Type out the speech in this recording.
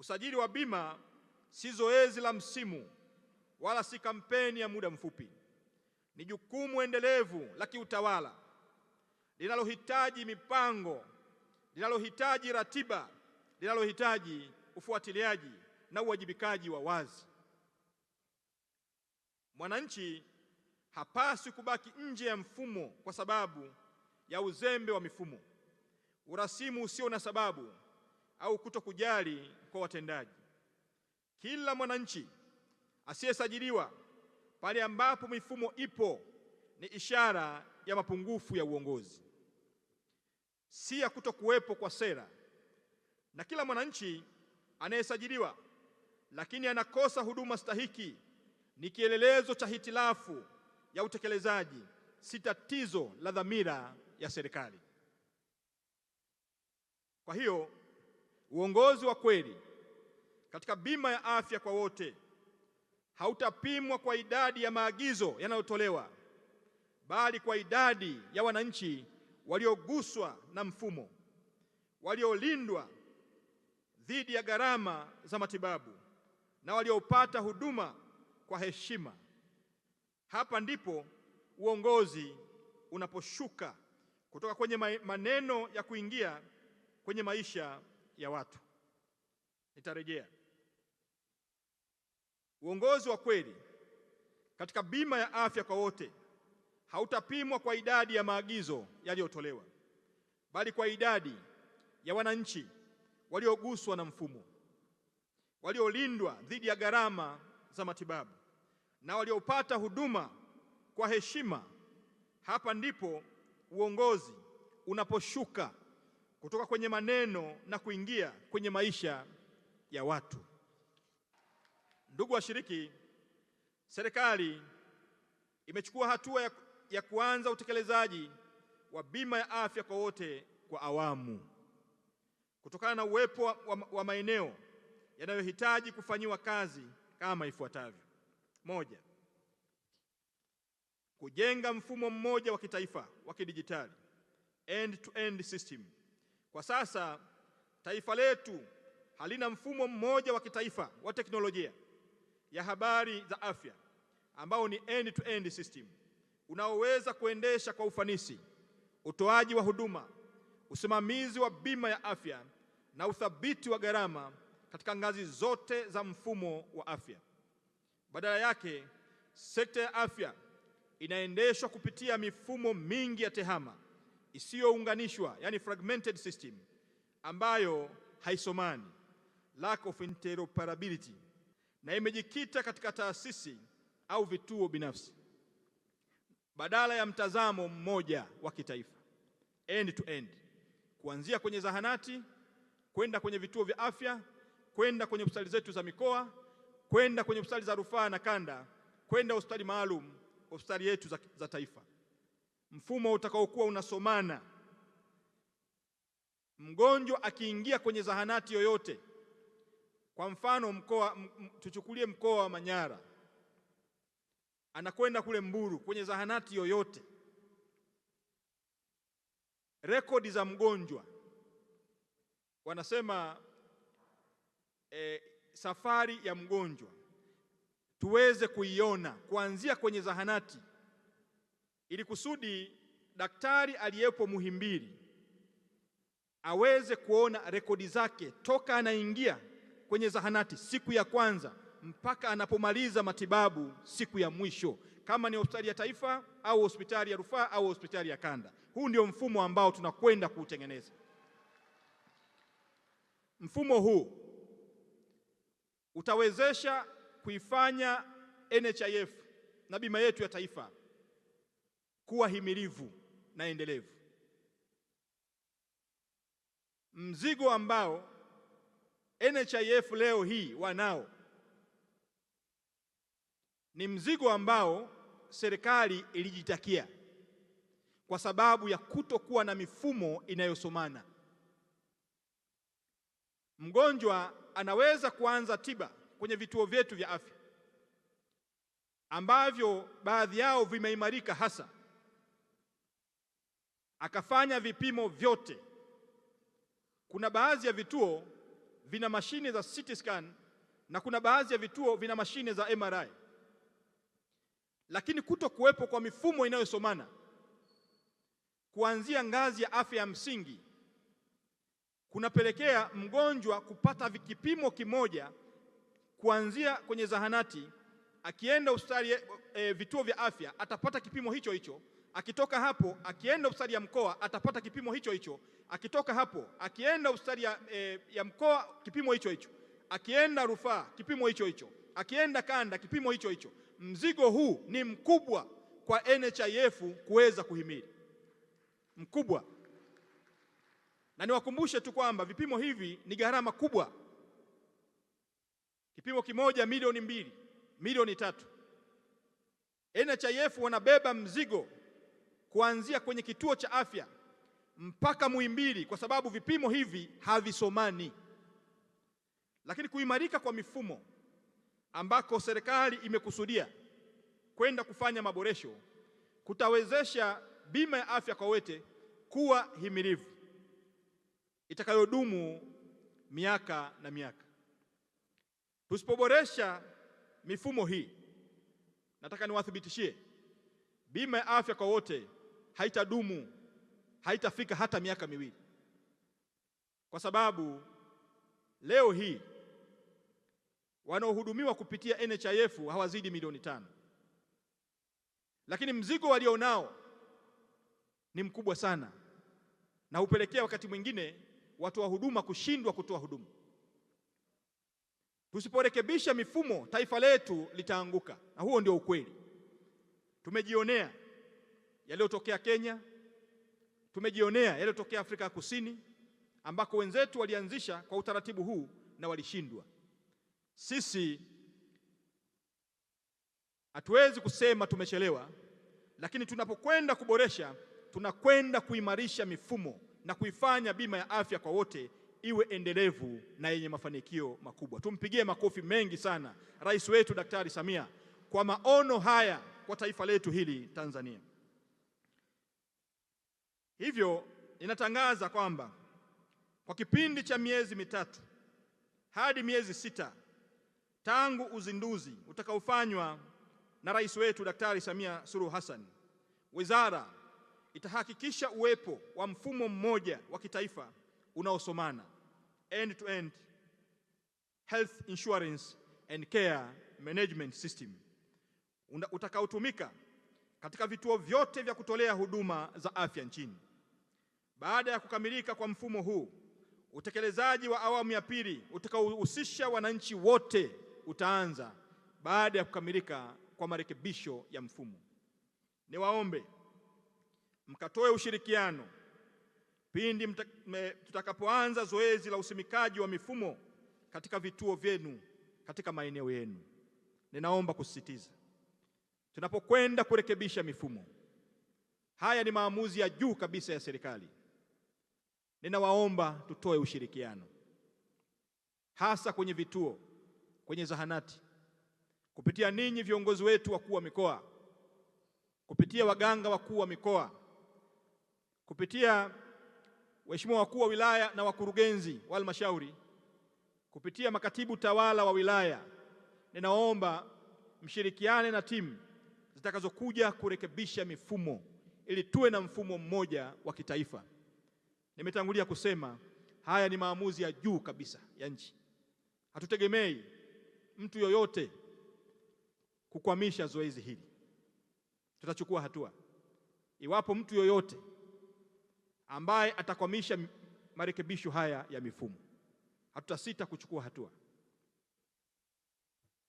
Usajili wa bima si zoezi la msimu wala si kampeni ya muda mfupi. Ni jukumu endelevu la kiutawala linalohitaji mipango, linalohitaji ratiba, linalohitaji ufuatiliaji na uwajibikaji wa wazi. Mwananchi hapaswi kubaki nje ya mfumo kwa sababu ya uzembe wa mifumo, urasimu usio na sababu au kuto kujali kwa watendaji. Kila mwananchi asiyesajiliwa pale ambapo mifumo ipo ni ishara ya mapungufu ya uongozi, si ya kutokuwepo kwa sera. Na kila mwananchi anayesajiliwa lakini anakosa huduma stahiki ni kielelezo cha hitilafu ya utekelezaji, si tatizo la dhamira ya serikali. Kwa hiyo Uongozi wa kweli katika bima ya afya kwa wote hautapimwa kwa idadi ya maagizo yanayotolewa, bali kwa idadi ya wananchi walioguswa na mfumo, waliolindwa dhidi ya gharama za matibabu na waliopata huduma kwa heshima. Hapa ndipo uongozi unaposhuka kutoka kwenye maneno ya kuingia kwenye maisha ya watu. Nitarejea. Uongozi wa kweli katika bima ya afya kwa wote hautapimwa kwa idadi ya maagizo yaliyotolewa, bali kwa idadi ya wananchi walioguswa na mfumo, waliolindwa dhidi ya gharama za matibabu na waliopata huduma kwa heshima. Hapa ndipo uongozi unaposhuka kutoka kwenye maneno na kuingia kwenye maisha ya watu. Ndugu washiriki, serikali imechukua hatua ya, ya kuanza utekelezaji wa bima ya afya kwa wote kwa awamu kutokana na uwepo wa, wa, wa maeneo yanayohitaji kufanyiwa kazi kama ifuatavyo: moja, kujenga mfumo mmoja wa kitaifa wa kidijitali end to end system kwa sasa taifa letu halina mfumo mmoja wa kitaifa wa teknolojia ya habari za afya ambao ni end to end system unaoweza kuendesha kwa ufanisi utoaji wa huduma, usimamizi wa bima ya afya na uthabiti wa gharama katika ngazi zote za mfumo wa afya. Badala yake, sekta ya afya inaendeshwa kupitia mifumo mingi ya tehama isiyounganishwa, yani fragmented system ambayo haisomani, lack of interoperability, na imejikita katika taasisi au vituo binafsi badala ya mtazamo mmoja wa kitaifa end to end, kuanzia kwenye zahanati kwenda kwenye vituo vya afya kwenda kwenye hospitali zetu za mikoa kwenda kwenye hospitali za rufaa na kanda kwenda hospitali maalum hospitali yetu za, za taifa mfumo utakaokuwa unasomana. Mgonjwa akiingia kwenye zahanati yoyote, kwa mfano mkoa, tuchukulie mkoa wa Manyara, anakwenda kule Mburu kwenye zahanati yoyote, rekodi za mgonjwa wanasema e, safari ya mgonjwa tuweze kuiona kuanzia kwenye zahanati ili kusudi daktari aliyepo Muhimbili aweze kuona rekodi zake toka anaingia kwenye zahanati siku ya kwanza mpaka anapomaliza matibabu siku ya mwisho, kama ni hospitali ya taifa au hospitali ya rufaa au hospitali ya kanda. Huu ndio mfumo ambao tunakwenda kuutengeneza. Mfumo huu utawezesha kuifanya NHIF na bima yetu ya taifa kuwa himilivu na endelevu, mzigo ambao NHIF leo hii wanao ni mzigo ambao serikali ilijitakia kwa sababu ya kutokuwa na mifumo inayosomana. Mgonjwa anaweza kuanza tiba kwenye vituo vyetu vya afya ambavyo baadhi yao vimeimarika hasa akafanya vipimo vyote. Kuna baadhi ya vituo vina mashine za CT scan na kuna baadhi ya vituo vina mashine za MRI, lakini kuto kuwepo kwa mifumo inayosomana kuanzia ngazi ya afya ya msingi kunapelekea mgonjwa kupata kipimo kimoja kuanzia kwenye zahanati, akienda hospitali e, vituo vya afya atapata kipimo hicho hicho, Akitoka hapo akienda hospitali ya mkoa atapata kipimo hicho hicho. Akitoka hapo akienda hospitali ya, e, ya mkoa kipimo hicho hicho. Akienda rufaa kipimo hicho hicho. Akienda kanda kipimo hicho hicho. Mzigo huu ni mkubwa kwa NHIF kuweza kuhimili, mkubwa. Na niwakumbushe tu kwamba vipimo hivi ni gharama kubwa. Kipimo kimoja milioni mbili, milioni tatu. NHIF wanabeba mzigo kuanzia kwenye kituo cha afya mpaka Muhimbili, kwa sababu vipimo hivi havisomani. Lakini kuimarika kwa mifumo ambako serikali imekusudia kwenda kufanya maboresho kutawezesha bima ya afya kwa wote kuwa himilivu itakayodumu miaka na miaka. Tusipoboresha mifumo hii, nataka niwathibitishie, bima ya afya kwa wote haitadumu, haitafika hata miaka miwili, kwa sababu leo hii wanaohudumiwa kupitia NHIF hawazidi milioni tano, lakini mzigo walionao ni mkubwa sana na hupelekea wakati mwingine watoa huduma kushindwa kutoa huduma. Tusiporekebisha mifumo, taifa letu litaanguka, na huo ndio ukweli. Tumejionea yaliyotokea Kenya, tumejionea yaliyotokea Afrika ya Kusini ambako wenzetu walianzisha kwa utaratibu huu na walishindwa. Sisi hatuwezi kusema tumechelewa, lakini tunapokwenda kuboresha, tunakwenda kuimarisha mifumo na kuifanya bima ya afya kwa wote iwe endelevu na yenye mafanikio makubwa. Tumpigie makofi mengi sana rais wetu Daktari Samia kwa maono haya kwa taifa letu hili Tanzania. Hivyo ninatangaza kwamba kwa kipindi cha miezi mitatu hadi miezi sita tangu uzinduzi utakaofanywa na rais wetu Daktari Samia Suluhu Hassan, wizara itahakikisha uwepo wa mfumo mmoja wa kitaifa unaosomana end to end health insurance and care management system utakaotumika katika vituo vyote vya kutolea huduma za afya nchini. Baada ya kukamilika kwa mfumo huu, utekelezaji wa awamu ya pili utakaohusisha wananchi wote utaanza baada ya kukamilika kwa marekebisho ya mfumo. Niwaombe mkatoe ushirikiano pindi tutakapoanza zoezi la usimikaji wa mifumo katika vituo vyenu katika maeneo yenu. Ninaomba kusisitiza, tunapokwenda kurekebisha mifumo, haya ni maamuzi ya juu kabisa ya serikali. Ninawaomba tutoe ushirikiano hasa kwenye vituo, kwenye zahanati, kupitia ninyi viongozi wetu wakuu wa mikoa, kupitia waganga wakuu wa mikoa, kupitia waheshimiwa wakuu wa wilaya na wakurugenzi wa halmashauri, kupitia makatibu tawala wa wilaya. Ninawaomba mshirikiane na timu zitakazokuja kurekebisha mifumo ili tuwe na mfumo mmoja wa kitaifa. Nimetangulia kusema haya ni maamuzi ya juu kabisa ya nchi. Hatutegemei mtu yoyote kukwamisha zoezi hili. Tutachukua hatua iwapo mtu yoyote ambaye atakwamisha marekebisho haya ya mifumo, hatutasita kuchukua hatua.